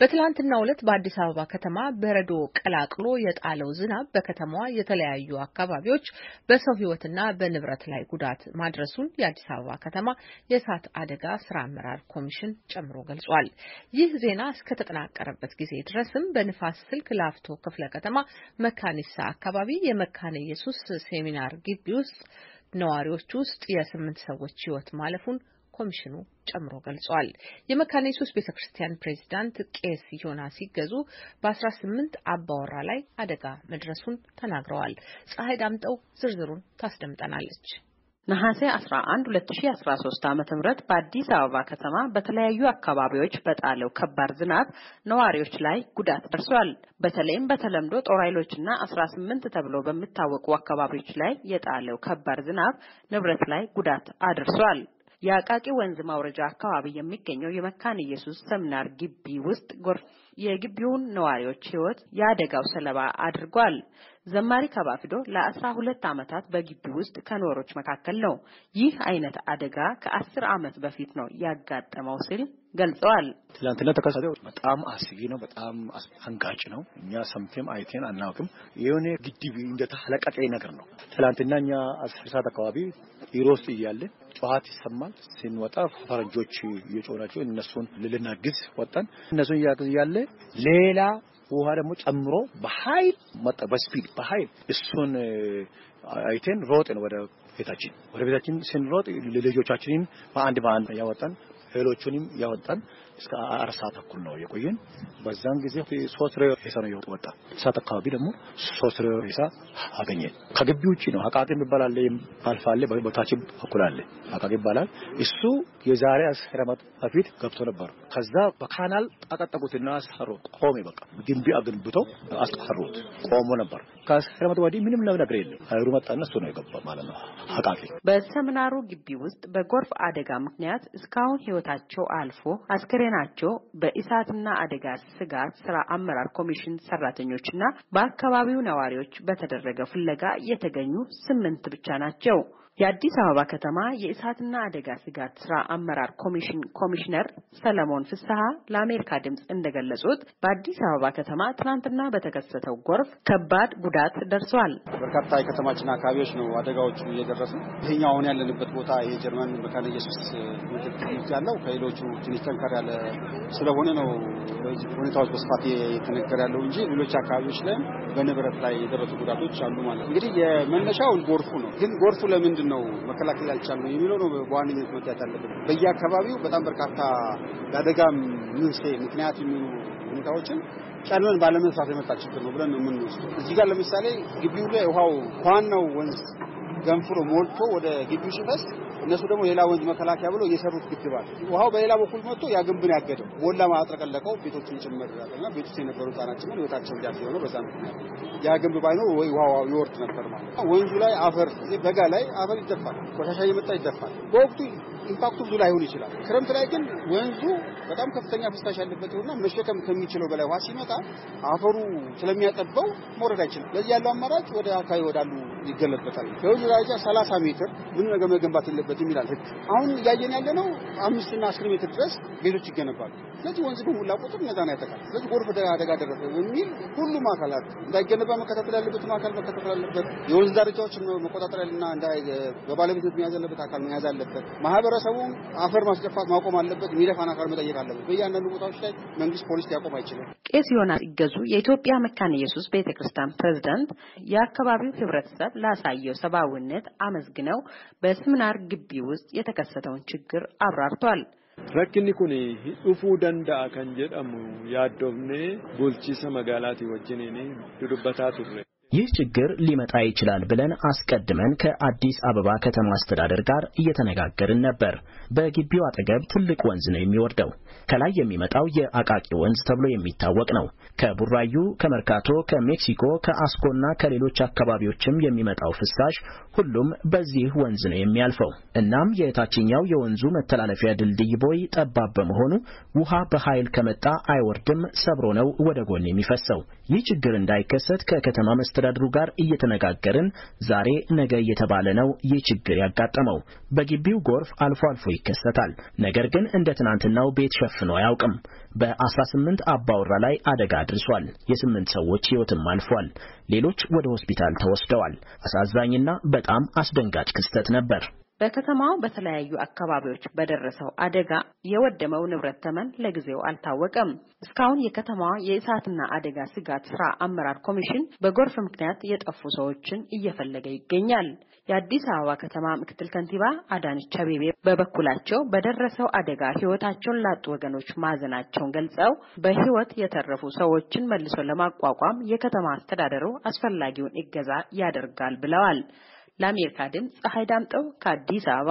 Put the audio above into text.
በትላንትናው ዕለት በአዲስ አበባ ከተማ በረዶ ቀላቅሎ የጣለው ዝናብ በከተማዋ የተለያዩ አካባቢዎች በሰው ሕይወትና በንብረት ላይ ጉዳት ማድረሱን የአዲስ አበባ ከተማ የእሳት አደጋ ስራ አመራር ኮሚሽን ጨምሮ ገልጿል። ይህ ዜና እስከተጠናቀረበት ጊዜ ድረስም በንፋስ ስልክ ላፍቶ ክፍለ ከተማ መካኒሳ አካባቢ የመካነ ኢየሱስ ሴሚናር ግቢ ውስጥ ነዋሪዎች ውስጥ የስምንት ሰዎች ሕይወት ማለፉን ኮሚሽኑ ጨምሮ ገልጿል። የመካነ ኢየሱስ ቤተ ክርስቲያን ፕሬዚዳንት ቄስ ዮና ሲገዙ በ18 አባወራ ላይ አደጋ መድረሱን ተናግረዋል። ፀሐይ ዳምጠው ዝርዝሩን ታስደምጠናለች። ነሐሴ 11 2013 ዓ.ም በአዲስ አበባ ከተማ በተለያዩ አካባቢዎች በጣለው ከባድ ዝናብ ነዋሪዎች ላይ ጉዳት ደርሷል። በተለይም በተለምዶ ጦር ኃይሎችና 18 ተብሎ በሚታወቁ አካባቢዎች ላይ የጣለው ከባድ ዝናብ ንብረት ላይ ጉዳት አድርሷል። የአቃቂ ወንዝ ማውረጃ አካባቢ የሚገኘው የመካን ኢየሱስ ሰምናር ግቢ ውስጥ ጎርፍ የግቢውን ነዋሪዎች ሕይወት የአደጋው ሰለባ አድርጓል። ዘማሪ ከባፍዶ ለአስራ ሁለት ዓመታት በግቢ ውስጥ ከኖሮች መካከል ነው። ይህ አይነት አደጋ ከአስር ዓመት በፊት ነው ያጋጠመው ሲል ገልጸዋል። ትላንትና ተከሰተው በጣም አስጊ ነው። በጣም አንጋጭ ነው። እኛ ሰምቴም አይቴን አናውቅም። የሆነ ግድብ እንደተለቀቀ ነገር ነው። ትላንትና እኛ አስር ሰዓት አካባቢ ሮስ እያለን ጨዋት ይሰማል። ስንወጣ ፈረንጆች እየጮሁ ናቸው። እነሱን ልናግዝ ወጣን። እነሱን እያግዝ እያለ ሌላ ውሃ ደግሞ ጨምሮ በኃይል መጣ። በስፒድ በኃይል እሱን አይቴን ሮጥን ወደ ቤታችን። ወደ ቤታችን ስንሮጥ ልጆቻችንን በአንድ በአንድ እያወጣን እህሎቹንም እያወጣን እስከ አራት ሰዓት ተኩል ነው የቆየን። በዛን ጊዜ ሶስት ሬ ሬሳ ነው የወጣ። ሰዓት አካባቢ ደግሞ ሶስት ሬ ሬሳ አገኘን። ከግቢ ውጭ ነው አቃቂ የሚባል አለ፣ አልፋ አለ፣ በታች በኩል አለ አቃቂ ይባላል። እሱ የዛሬ አስር ዓመት በፊት ገብቶ ነበር። ከዛ በካናል አቀጠቁትና አስፈሩት። ቆሜ በቃ ግንቢ አገንብቶ አስፈሩት። ቆሞ ነበር። ከአስር ዓመት ወዲህ ምንም ነገር የለም። አይሩ መጣና እሱ ነው የገባ ማለት ነው አቃቂ። በሰምናሩ ግቢ ውስጥ በጎርፍ አደጋ ምክንያት እስካሁን ህይወታቸው አልፎ አስከሬ ዜናቸው በእሳትና አደጋ ስጋት ስራ አመራር ኮሚሽን ሰራተኞችና በአካባቢው ነዋሪዎች በተደረገ ፍለጋ የተገኙ ስምንት ብቻ ናቸው። የአዲስ አበባ ከተማ የእሳትና አደጋ ስጋት ስራ አመራር ኮሚሽን ኮሚሽነር ሰለሞን ፍስሐ ለአሜሪካ ድምፅ እንደገለጹት በአዲስ አበባ ከተማ ትናንትና በተከሰተው ጎርፍ ከባድ ጉዳት ደርሷል። በርካታ የከተማችን አካባቢዎች ነው አደጋዎቹ እየደረሱ። ይህኛው አሁን ያለንበት ቦታ የጀርመን መካነ ኢየሱስ ምድር ያለው ከሌሎቹ ትንሽ ጠንከር ያለ ስለሆነ ነው ሁኔታዎች በስፋት የተነገር ያለው እንጂ ሌሎች አካባቢዎች ላይም በንብረት ላይ የደረሱ ጉዳቶች አሉ ማለት እንግዲህ የመነሻው ጎርፉ ነው። ግን ጎርፉ ለምንድን ነው መከላከል ያልቻልነው የሚለው ነው በዋነኝነት መታየት አለበት። በየአካባቢው በጣም በርካታ ለአደጋ መንስኤ ምክንያት የሚሆኑ ሁኔታዎችን ቀድመን ባለመስራት የመጣ ችግር ነው ብለን ነው የምንወስደው። እዚህ ጋር ለምሳሌ ግቢው ላይ ውሃው ከዋናው ወንዝ ገንፍሮ ሞልቶ ወደ ግቢው ሲፈስ እነሱ ደግሞ ሌላ ወንዝ መከላከያ ብሎ የሰሩት ግድብ አለ። ውሃው በሌላ በኩል መጥቶ ያ ግንብን ያገደው ሞላ ማጥረቀለቀው ቤቶችን ጭምር ያለና ቤት ውስጥ የነበሩ ህጻናት ጭምር ህይወታቸው እንዲያልፍ ሲሆነ በዛ ምክንያት ያ ግንብ ባይኖር ወይ ውሃው ይወርድ ነበር ማለት ወንዙ ላይ አፈር በጋ ላይ አፈር ይደፋል፣ ቆሻሻ እየመጣ ይደፋል። በወቅቱ ኢምፓክቱ ብዙ ላይሆን ይችላል። ክረምት ላይ ግን ወንዙ በጣም ከፍተኛ ፍሳሽ ያለበት ይሆንና መሸከም ከሚችለው በላይ ውሃ ሲመጣ አፈሩ ስለሚያጠበው መውረድ አይችልም። ለዚህ ያለው አማራጭ ወደ አካባቢ ወዳሉ ይገለበታል። በወንዙ ደረጃ 30 ሜትር ምን ነገር መገንባት የለበትም ይላል ህግ። አሁን እያየን ያለ ነው አምስትና አስር ሜትር ድረስ ቤቶች ይገነባሉ። ስለዚህ ወንዝ በሞላ ቁጥር እነዛን ያጠቃል። ስለዚህ ጎርፍ አደጋ ደረሰ በሚል ሁሉም አካላት እንዳይገነባ መከታተል ያለበት አካል መከታተል አለበት። የወንዝ ዳርቻዎችን መቆጣጠሪያና በባለቤትነት መያዝ ያለበት አካል መያዝ አለበት። ማህበረ ማህበረሰቡ አፈር ማስደፋት ማቆም አለበት። የሚደፋን አካል መጠየቅ አለበት። በእያንዳንዱ ቦታዎች ላይ መንግስት ፖሊስ ሊያቆም አይችልም። ቄስ ዮናስ ይገዙ የኢትዮጵያ መካነ ኢየሱስ ቤተ ክርስቲያን ፕሬዝዳንት የአካባቢው ህብረተሰብ ላሳየው ሰብአዊነት አመስግነው በስምናር ግቢ ውስጥ የተከሰተውን ችግር አብራርቷል። ረክኒ ኩን ዱፉ ደንዳአ ከን ጀደሙ ያዶፍኔ ቡልቺሰ መጋላቲ ወጅኔኒ ዱዱበታ ይህ ችግር ሊመጣ ይችላል ብለን አስቀድመን ከአዲስ አበባ ከተማ አስተዳደር ጋር እየተነጋገርን ነበር። በግቢው አጠገብ ትልቅ ወንዝ ነው የሚወርደው። ከላይ የሚመጣው የአቃቂ ወንዝ ተብሎ የሚታወቅ ነው። ከቡራዩ፣ ከመርካቶ፣ ከሜክሲኮ፣ ከአስኮና ከሌሎች አካባቢዎችም የሚመጣው ፍሳሽ ሁሉም በዚህ ወንዝ ነው የሚያልፈው። እናም የታችኛው የወንዙ መተላለፊያ ድልድይ ቦይ ጠባብ በመሆኑ ውሃ በኃይል ከመጣ አይወርድም፣ ሰብሮ ነው ወደ ጎን የሚፈሰው። ይህ ችግር እንዳይከሰት ከከተማ መስተዳድሩ ጋር እየተነጋገርን ዛሬ ነገ እየተባለ ነው ይህ ችግር ያጋጠመው። በግቢው ጎርፍ አልፎ አልፎ ይከሰታል፣ ነገር ግን እንደ ትናንትናው ቤት ሸፍኖ አያውቅም። በ18 አባወራ ላይ አደጋ አድርሷል። የስምንት ሰዎች ሕይወትም አልፏል። ሌሎች ወደ ሆስፒታል ተወስደዋል። አሳዛኝና በጣም አስደንጋጭ ክስተት ነበር። በከተማው በተለያዩ አካባቢዎች በደረሰው አደጋ የወደመው ንብረት ተመን ለጊዜው አልታወቀም። እስካሁን የከተማዋ የእሳትና አደጋ ስጋት ስራ አመራር ኮሚሽን በጎርፍ ምክንያት የጠፉ ሰዎችን እየፈለገ ይገኛል። የአዲስ አበባ ከተማ ምክትል ከንቲባ አዳነች አቤቤ በበኩላቸው በደረሰው አደጋ ሕይወታቸውን ላጡ ወገኖች ማዘናቸውን ገልጸው በሕይወት የተረፉ ሰዎችን መልሶ ለማቋቋም የከተማ አስተዳደሩ አስፈላጊውን እገዛ ያደርጋል ብለዋል። ለአሜሪካ ድምፅ ፀሐይ ዳምጠው ከአዲስ አበባ